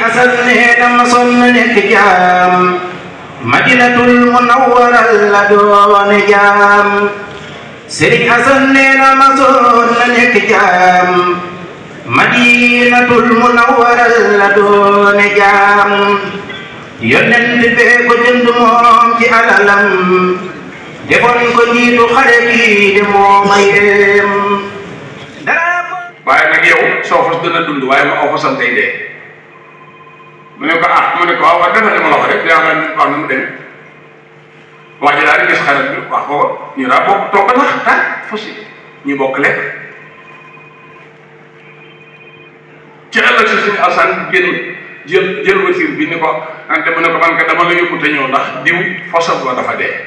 xasan xeetam sonn nekk jaam madinatul munawwara la doone jaam sëriñ xasan nee na ma sonn nekk jaam madinatul munawwara la doone jaam yonent bee ko jënd moom ci alalam defoon ko jiitu xare bi de moo ma yem waaye nag yow soo fas gën a dund waaye ma aw fasantay dee mu ah mu ne ko waaw war defal li ma la wax rek sekarang ngi wax nu mu demee waa ji daal di bi wax ko ñu daa bokk toog ba tax tax fusi ñu bokk lekk ci ëllëg si suñu alsan génn jël jël wasir bi ni ko ante mu ne ko man ka dama la yóbbu te ñëw ndax diw fosal ba dafa dee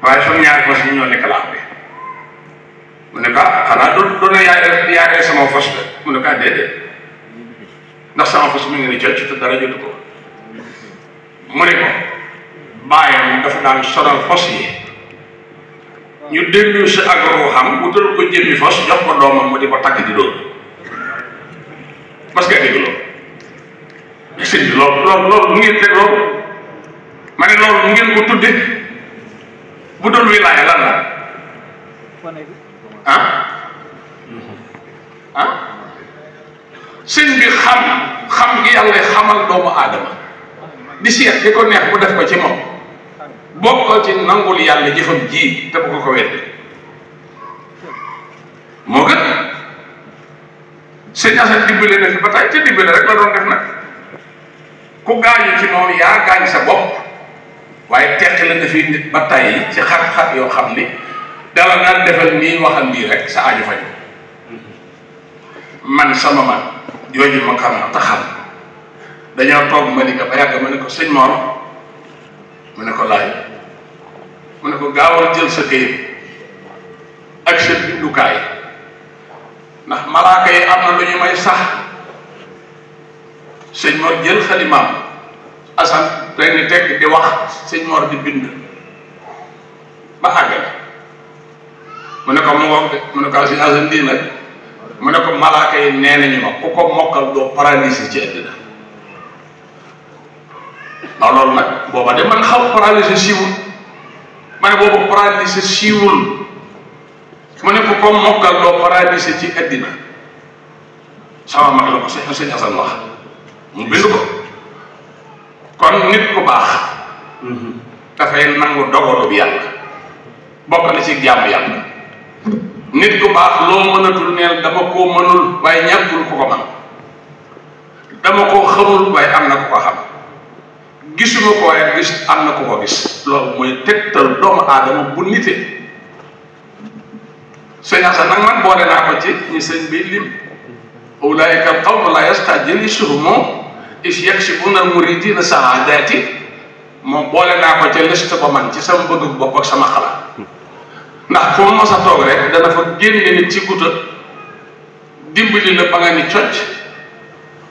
waaye suñu ñaari ñoo ah, sama fos de mu ndax sama fas mi ngi ni jël ci te dara jotu ko mu ne ko bàyyam dafa daan sonal fas yi ñu déglu si ak ruuxam wutal ko jëmmi fas jox ko doomam mu di ko takk di doon parce que dégg loolu sëñ bi loolu loolu loolu ngeen teg loolu ma ne loolu ngeen ko tudde bu wi wilaaya lan la ah hmm. ah sëñ bi xam xam gi yàlla xamal doomu aadama di seet di ko neex bu def ko ci moom bokkal ci nangul yàlla jëfam ji te bu ko ko wedde moo gën sëñ Assane dimbale na fi ba tey ca dimbale rek la doon def nag ku gaañu ci moom yaa gaañ sa bopp waaye teq la nga fi nit ci xat-xat yoo xam ni dala naan defal nii waxal nii rek sa aju faju man sama man yooyu maqaam taxaw dañoo toog ma ni ko yàgg ma ne ko sëñ Mor mu ne ko laaj mu ne ko gaawal jël sa këyit ak sa bindukaay ndax malaaka yi am na lu ñu may sax sëñ Mor jël xalimaam asan ren tekk di wax sëñ Mor di bind ba àgg mu ne ko mu ne ko asan lii nag mu ne ko malaaka yi nee nañu ma ku ko mokkal doo paralysé ci àddina waaw loolu nag booba de man xaw paralysé siiwul ma ne boobu paralysé siiwul ko mokkal doo paralysé ci àddina sama mag la ko sëñ sëñ Asan wax mu bind ko kon nit ku baax mm-hmm. dafay nangu dogalu bi yàlla bokk na ci jàmm nit ku baax loo tul neel dama koo mënul waaye ñàkkul ku ko man dama ko xamul waaye am na ku ko xam gisuma ko waaye gis am na ku ko gis loolu mooy tegtal doomu aadama bu nite sëñ Asa nag man boole naa ko ci ñi sëñ bi lim أولئك la لا يستعجلهم is يكشفون المريدين سعاداتي moom boole naa ko ci liste ba man ci sama bëgg bopp ak sama xalaat ndax foo mos a toog rek dana fa génne nit ci guta dimbali la ba nga ni cocc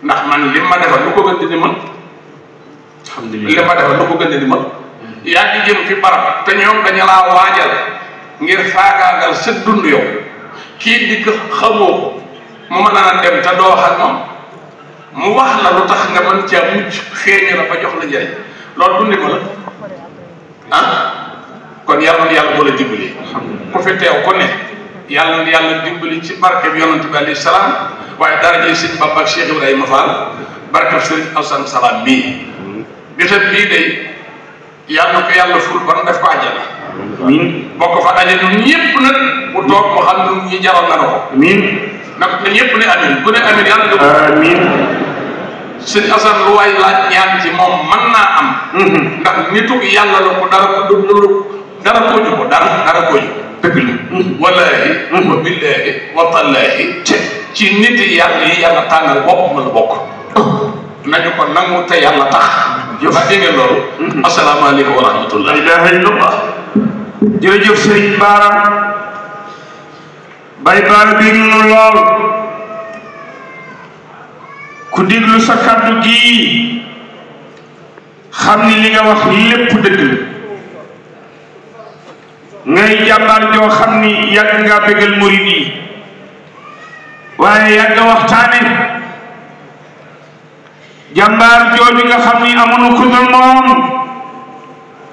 ndax man li ma defal lu ko gën di mën li ma defal ko gën di mën yaa ngi jëm fi barab te ñoom dañu laa waajal ngir faagaagal sa dund yow kii dikk xamoo ko mu mën a dem te doo xam moom mu wax la lu tax nga mën caa mucc feeñu la ba jox la njëriñ loolu dundi ma la ah kon yàlla na yàlla boole dimbali ku fi teew ku ne yàlla na yàlla dimbali ci barke bi yonante bi alayhi salaam waaye dara jël sëñ Bamba ak Cheikh Ibrahima Fall barke sëriñ Alsan Salaam bii bisab bii day yàlla na ko yàlla ful ba nu def ko àjjana bokk fa daje ñun ñëpp nag mu toog mu xam ne ñi jaral na ko amiin nag na ñëpp ne amiin ku ne amiin yàlla nga amiin sëñ Assane lu waay ci moom mën naa am mhm. ndax nituk yàlla la ko dara ko dugg dara ko ñu ko dara dara ko ñu dëgg la hmm. wallahi hmm. wa billahi wa tallahi ci ci nit yàlla yi yàlla tànnal bopp ma la bokk nañu ko nangu te yàlla tax ba dégg loolu hmm. asalaamaaleykum wa rahmatullah ilaha illallah sëriñ baara bay baara bi ñu lool ku sa li nga wax ngay jàmbaar joo xam ni yàgg nga bégal murid yi waaye yàgg waxtaane jàmbaar jooju nga xam ni amoon ku dul moom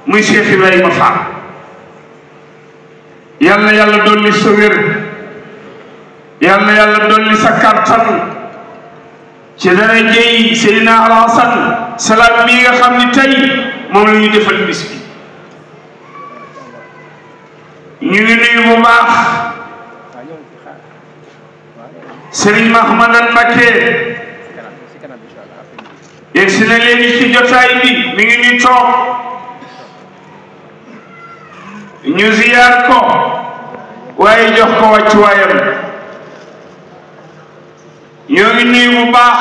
muy Cheikh Ibrahima Fall yal na yàlla dolli sa wér yal na yàlla dolli sa kàttan ci dara jëy Seydina Alhasan salaam bii nga xam ni tey moom la ñu defal bis bi ñu ngi nuyu bu baax Serigne Mahmadan Mbacké yegg si na ñu toog ñu ziyaar jox ko wàccuwaayam ñoo ngi nuyu bu baax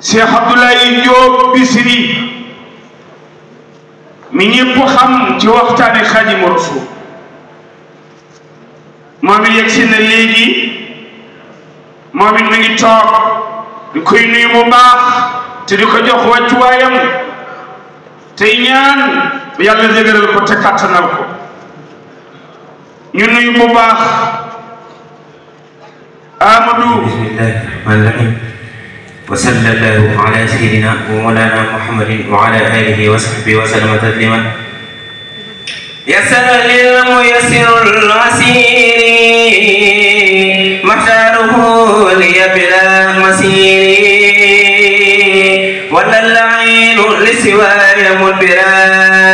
Cheikh Abdoulaye Diop Bisri mi ñëpp xam ci waxtaane xaadimu rasul moom it yegg si na léegi moom it mi ngi toog di koy nuyu bu baax te di ko jox wàccuwaayam tey ñaan yàlla dëgëral ko te kàttanal ko ñu nuyu bu baax Amadou. وصلى الله على سيدنا ومولانا محمد وعلى آله وصحبه وسلم تسليما يسر للميسر العسير محشره لي بلا مسير ولا العين لسواه مدبرا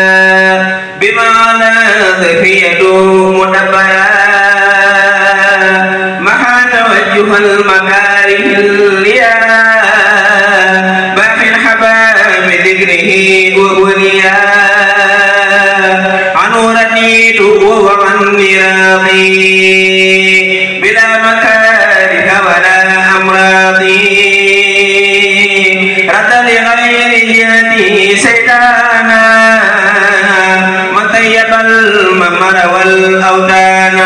بلا مكارث ولا أمراض رد لغير جهته سيدانا وطيب الممر والأودان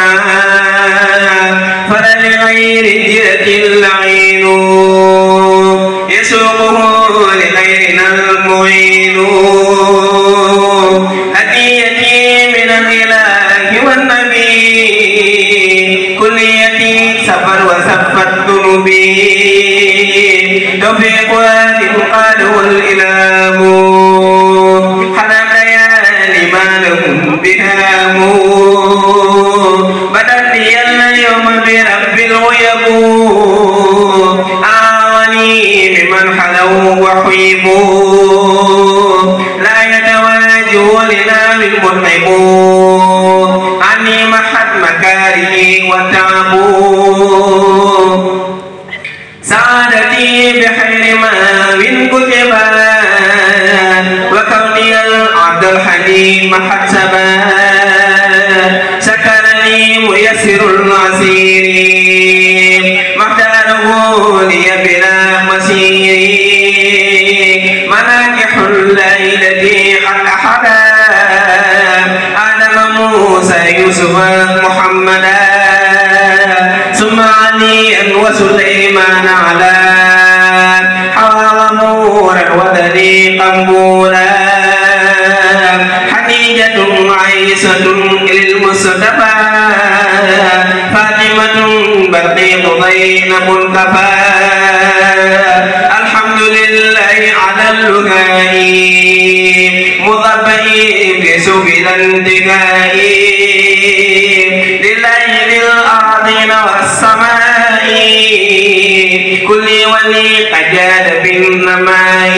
فلا لغير جهته العين يسوقه دبيقان قال والإله ليالي ما لهم بهام بدأني اليوم برب الغيب أعاني بمن حلوا وحيبوا لا يتواجه لنا المنعمون عني محت مكاره وتعبوا الحليم حتما سكنني ميسر المسير مكانه لي بلا مسير مناكح الليلة قد أحدا آدم موسى يوسف محمدا ثم علي وسليمان على حرام نورا وذريقا بورا الذين منتفى الحمد لله على اللهاء مذبئين سبل الانتهاء لله للأرضين والسماء كل ولي قد جاد بالنماء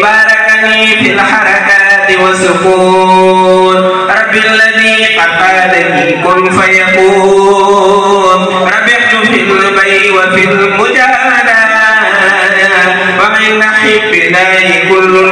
باركني في الحركات والسكون رب الذي قتالني كن فيكون ربحت في البيع وفي المجادلة وعند حب الله كل